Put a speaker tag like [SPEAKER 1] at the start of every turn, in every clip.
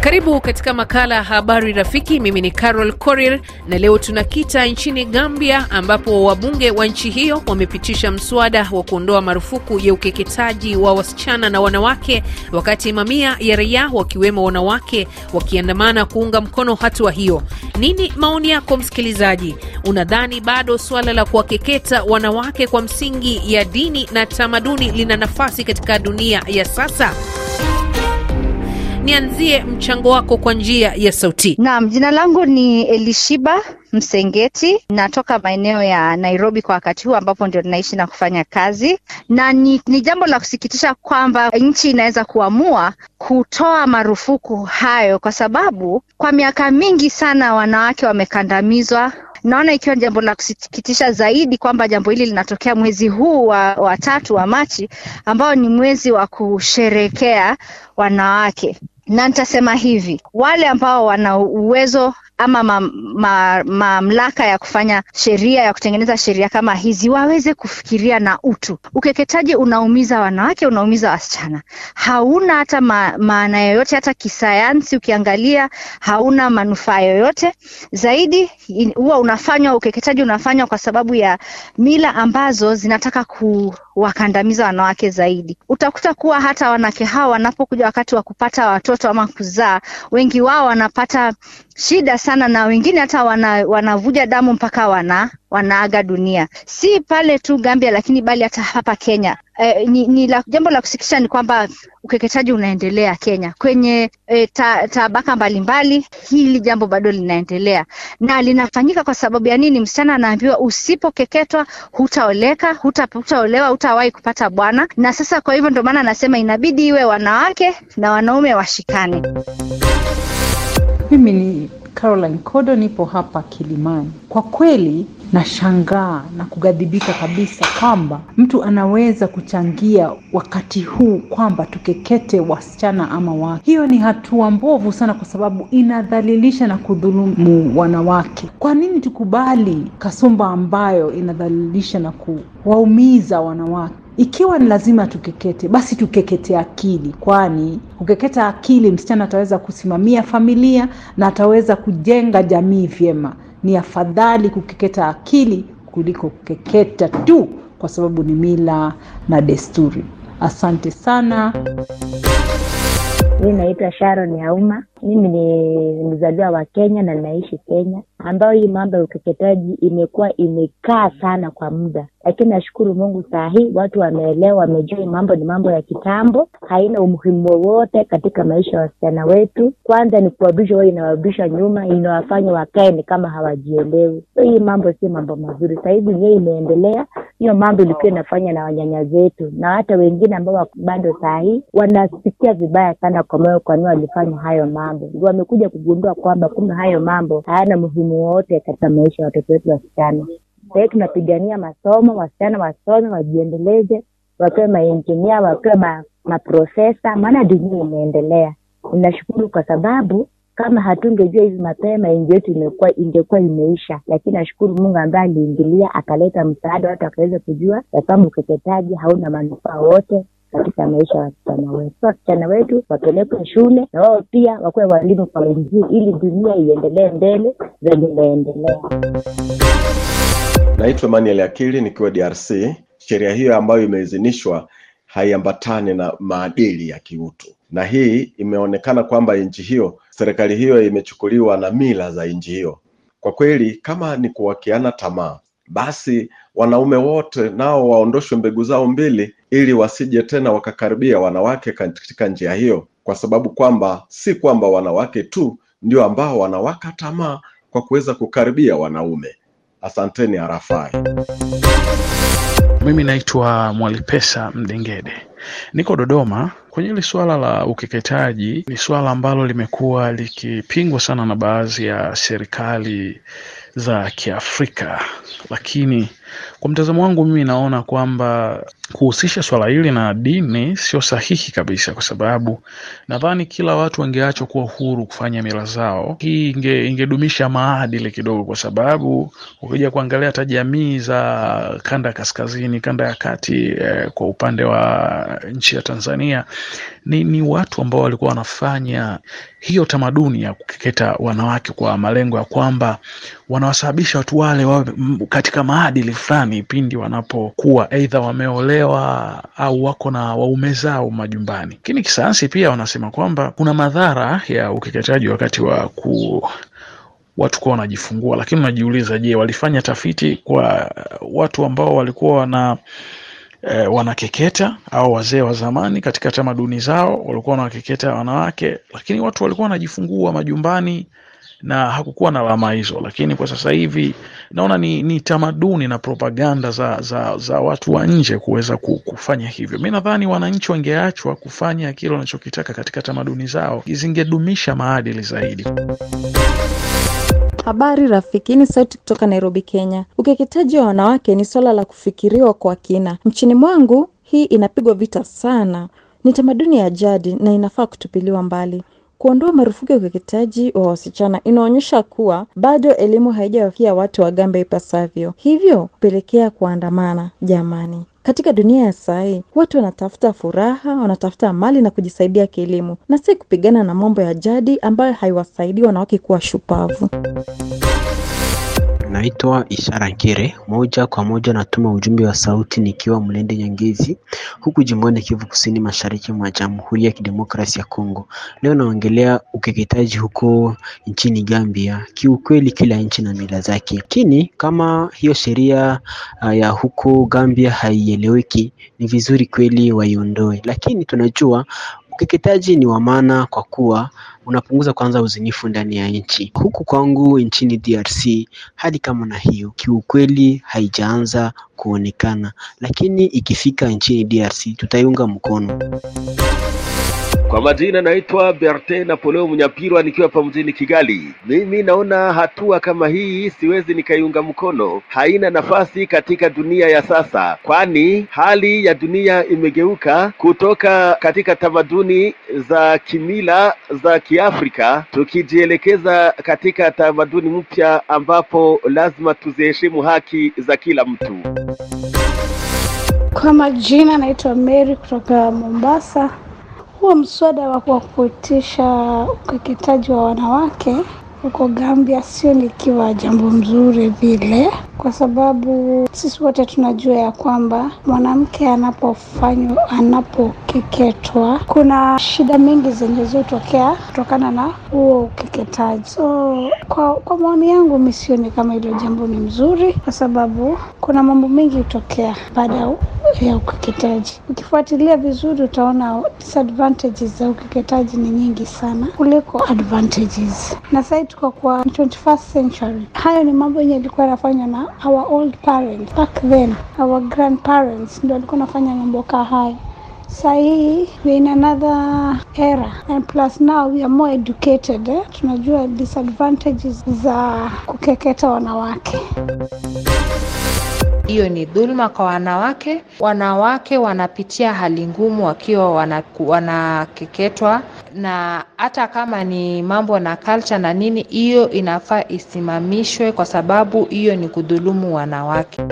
[SPEAKER 1] Karibu katika makala ya habari rafiki. Mimi ni Carol corir na leo tunakita nchini Gambia, ambapo wabunge wa nchi hiyo wamepitisha mswada wa kuondoa marufuku ya ukeketaji wa wasichana na wanawake, wakati mamia ya raia wakiwemo wanawake wakiandamana kuunga mkono hatua hiyo. Nini maoni yako msikilizaji? Unadhani bado suala la kuwakeketa wanawake kwa msingi ya dini na tamaduni lina nafasi katika dunia ya sasa? Nianzie mchango wako kwa njia ya sauti.
[SPEAKER 2] Naam, jina langu ni Elishiba Msengeti, natoka maeneo ya Nairobi kwa wakati huu ambapo ndio ninaishi na kufanya kazi, na ni, ni jambo la kusikitisha kwamba nchi inaweza kuamua kutoa marufuku hayo, kwa sababu kwa miaka mingi sana wanawake wamekandamizwa Naona ikiwa jambo la kusikitisha zaidi kwamba jambo hili linatokea mwezi huu wa, wa tatu wa Machi ambao ni mwezi wa kusherekea wanawake na nitasema hivi, wale ambao wana uwezo ama mamlaka ma, ma ya kufanya sheria ya kutengeneza sheria kama hizi waweze kufikiria na utu. Ukeketaji unaumiza wanawake, unaumiza wasichana, hauna hata ma, maana yoyote, hata kisayansi ukiangalia hauna manufaa yoyote zaidi. Huwa unafanywa ukeketaji unafanywa kwa sababu ya mila ambazo zinataka kuwakandamiza wanawake zaidi. Utakuta kuwa hata wanawake hawa wanapokuja wakati wa kupata watoto ama kuzaa, wengi wao wanapata shida sana na wengine hata wana, wanavuja damu mpaka wana wanaaga dunia, si pale tu Gambia, lakini bali hata hapa Kenya. E, ni, ni la, jambo la kusikitisha ni kwamba ukeketaji unaendelea Kenya kwenye e, ta, tabaka mbalimbali. mbali, Hili jambo bado linaendelea na linafanyika kwa sababu ya nini? Msichana anaambiwa usipokeketwa hutaoleka, huta, hutaolewa, hutawahi kupata bwana. Na sasa kwa hivyo ndio maana anasema inabidi iwe wanawake na wanaume washikane. Mimi ni
[SPEAKER 3] Caroline Kodo, nipo hapa Kilimani. Kwa kweli nashangaa na kugadhibika kabisa kwamba mtu anaweza kuchangia wakati huu kwamba tukekete wasichana ama wake. Hiyo ni hatua mbovu sana, kwa sababu inadhalilisha na kudhulumu wanawake. Kwa nini tukubali kasumba ambayo inadhalilisha na kuwaumiza wanawake? Ikiwa ni lazima tukekete, basi tukekete akili, kwani ukeketa akili, msichana ataweza kusimamia familia na ataweza kujenga jamii vyema. Ni afadhali kukeketa akili kuliko kukeketa tu, kwa sababu ni mila na desturi. Asante sana. Hii naitwa Sharon Yauma, mimi ni mzaliwa wa Kenya na naishi Kenya, ambayo hii mambo ya ukeketaji imekuwa imekaa sana kwa muda, lakini nashukuru Mungu saa hii watu wameelewa, wamejua mambo ni mambo ya kitambo, haina umuhimu wowote katika maisha ya wasichana wetu. Kwanza ni kuwarudisha huwa inawarudisha nyuma, inawafanya wakae ni kama hawajielewi. So hii mambo sio mambo mazuri. Saa hizi yenyewe imeendelea hiyo mambo ilikuwa inafanya na wanyanya zetu na hata wengine ambao bado saa hii wanasikia vibaya sana kwa moyo, kwa walifanya hayo mambo mambo, ndio wamekuja kugundua kwamba kumbe hayo mambo hayana muhimu wote katika maisha ya watoto wetu wasichana. Sahii tunapigania masomo, wasichana wasome, wajiendeleze, wakiwe maenjinia, wakiwe ma, maprofesa, maana dunia imeendelea. Ninashukuru kwa sababu kama hatungejua hivi mapema, ingi yetu imekuwa ingekuwa imeisha, lakini nashukuru Mungu ambaye aliingilia akaleta msaada, watu wakaweza kujua ya kwamba ukeketaji hauna manufaa wote katika maisha ya wasichana wetu. Wasichana wetu wapelekwe shule na wao pia wakuwe walimu kwa wenzii, ili dunia iendelee mbele zenye inaendelea.
[SPEAKER 4] Naitwa Manuel Akili nikiwa DRC. Sheria hiyo ambayo imeidhinishwa haiambatani na maadili ya kiutu, na hii imeonekana kwamba nchi hiyo, serikali hiyo imechukuliwa na mila za nchi hiyo. Kwa kweli, kama ni kuwakiana tamaa, basi wanaume wote nao waondoshwe mbegu zao mbili ili wasije tena wakakaribia wanawake katika njia hiyo, kwa sababu kwamba si kwamba wanawake tu ndio ambao wanawaka tamaa kwa kuweza kukaribia wanaume. Asanteni Arafai. Mimi naitwa Mwalipesa Mdengede, niko Dodoma. Kwenye hili suala la ukeketaji, ni suala ambalo limekuwa likipingwa sana na baadhi ya serikali za Kiafrika, lakini kwa mtazamo wangu mimi naona kwamba kuhusisha swala hili na dini sio sahihi kabisa, kwa sababu nadhani kila watu wangeachwa kuwa huru kufanya mila zao, hii inge, ingedumisha maadili kidogo, kwa sababu ukija kuangalia hata jamii za kanda ya kaskazini, kanda ya kati, eh, kwa upande wa nchi ya Tanzania ni, ni watu ambao walikuwa wanafanya hiyo tamaduni ya kukeketa wanawake kwa malengo ya kwamba wanawasababisha watu wale wawe katika maadili kanisani pindi wanapokuwa aidha wameolewa au wako na waume zao majumbani. Lakini kisayansi pia wanasema kwamba kuna madhara ya ukeketaji wakati wa ku watu kuwa wanajifungua, lakini unajiuliza, je, walifanya tafiti kwa watu ambao walikuwa wana E, wanakeketa au wazee wa zamani katika tamaduni zao walikuwa wanawakeketa wanawake, lakini watu walikuwa wanajifungua majumbani na hakukuwa na lama hizo, lakini kwa sasa hivi naona ni, ni tamaduni na propaganda za, za, za watu wa nje kuweza kufanya hivyo. Mi nadhani wananchi wangeachwa kufanya kile wanachokitaka katika tamaduni zao, zingedumisha maadili zaidi.
[SPEAKER 5] Habari rafiki, ni Sauti kutoka Nairobi, Kenya. Ukeketaji wa wanawake ni swala la kufikiriwa kwa kina. Nchini mwangu hii inapigwa vita sana, ni tamaduni ya jadi na inafaa kutupiliwa mbali. Kuondoa marufuku ya ukeketaji wa wasichana inaonyesha kuwa bado elimu haijawafikia watu wagambe ipasavyo, hivyo kupelekea kuandamana. Jamani, katika dunia ya sahii watu wanatafuta furaha, wanatafuta mali na kujisaidia kielimu, na si kupigana na mambo ya jadi ambayo haiwasaidii wanawake kuwa shupavu.
[SPEAKER 1] Naitwa Ishara Nkere, moja kwa moja natuma ujumbe wa sauti nikiwa Mlende Nyangezi, huku jimboni Kivu Kusini, mashariki mwa Jamhuri ya Kidemokrasia ya Kongo. Leo naongelea ukeketaji huko nchini Gambia. Kiukweli kila nchi na mila zake, lakini kama hiyo sheria ah, ya huko Gambia haieleweki, ni vizuri kweli waiondoe, lakini tunajua Ukeketaji ni wa maana kwa kuwa unapunguza kwanza uzinifu ndani ya nchi. Huku kwangu nchini DRC hali kama na hiyo kiukweli haijaanza kuonekana, lakini ikifika nchini DRC tutaiunga mkono.
[SPEAKER 4] Kwa majina naitwa Berte Napoleo Munyapirwa, nikiwa hapa mjini Kigali. Mimi naona hatua kama hii siwezi nikaiunga mkono, haina nafasi katika dunia ya sasa, kwani hali ya dunia imegeuka kutoka katika tamaduni za kimila za Kiafrika tukijielekeza katika tamaduni mpya ambapo lazima tuziheshimu haki za kila mtu.
[SPEAKER 5] Kwa majina naitwa Mary kutoka Mombasa. Huo mswada wa kuwakutisha ukeketaji wa wanawake huko Gambia sio ikiwa jambo mzuri vile, kwa sababu sisi wote tunajua ya kwamba mwanamke anapofanywa, anapokeketwa, kuna shida mingi zenye zotokea kutokana na huo ukeketaji. So kwa, kwa maoni yangu mi sioni kama hilo jambo ni mzuri, kwa sababu kuna mambo mengi hutokea baada ya vya ukeketaji. Ukifuatilia vizuri, utaona disadvantages za ukeketaji ni nyingi sana kuliko advantages, na sasa tuko kwa 21st century. Hayo ni mambo yenye yalikuwa yanafanywa na our old parents back then, our grandparents ndio walikuwa wanafanya mambo kaa hayo. Sahii we in another era and plus now we are more educated eh? Tunajua disadvantages za kukeketa wanawake
[SPEAKER 3] hiyo ni dhulma kwa wanawake. Wanawake wanapitia hali ngumu wakiwa wanakeketwa, na hata kama ni mambo na culture na nini, hiyo inafaa isimamishwe, kwa sababu hiyo ni kudhulumu wanawake.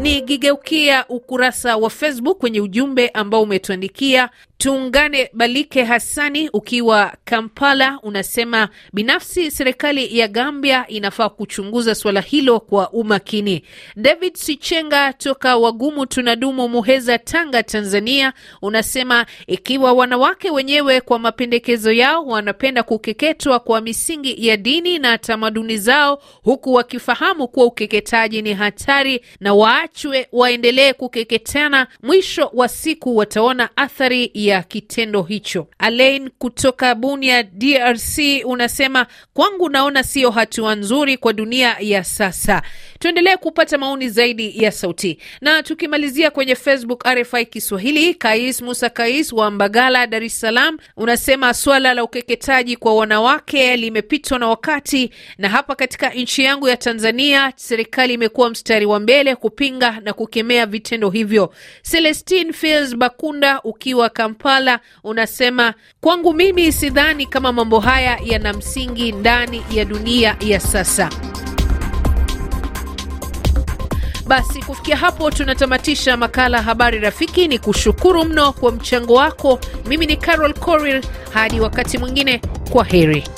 [SPEAKER 1] Nikigeukia ukurasa wa Facebook kwenye ujumbe ambao umetuandikia Tuungane Balike hasani ukiwa Kampala, unasema binafsi serikali ya Gambia inafaa kuchunguza suala hilo kwa umakini. David Sichenga toka Wagumu Tunadumu, Muheza, Tanga, Tanzania, unasema ikiwa wanawake wenyewe kwa mapendekezo yao wanapenda kukeketwa kwa misingi ya dini na tamaduni zao, huku wakifahamu kuwa ukeketaji ni hatari na waa waachwe waendelee kukeketana, mwisho wa siku wataona athari ya kitendo hicho. Alain kutoka Bunia, DRC, unasema kwangu, naona siyo hatua nzuri kwa dunia ya sasa. Tuendelee kupata maoni zaidi ya sauti, na tukimalizia kwenye Facebook RFI Kiswahili, Kais Musa Kais wa Mbagala, Dar es Salaam, unasema swala la ukeketaji kwa wanawake limepitwa na wakati, na hapa katika nchi yangu ya Tanzania serikali imekuwa mstari wa mbele kupinga kupinga na kukemea vitendo hivyo. celestin Fils Bakunda ukiwa Kampala unasema, kwangu mimi sidhani kama mambo haya yana msingi ndani ya dunia ya sasa. Basi kufikia hapo tunatamatisha makala Habari Rafiki. Ni kushukuru mno kwa mchango wako. Mimi ni Carol coril hadi wakati mwingine, kwa heri.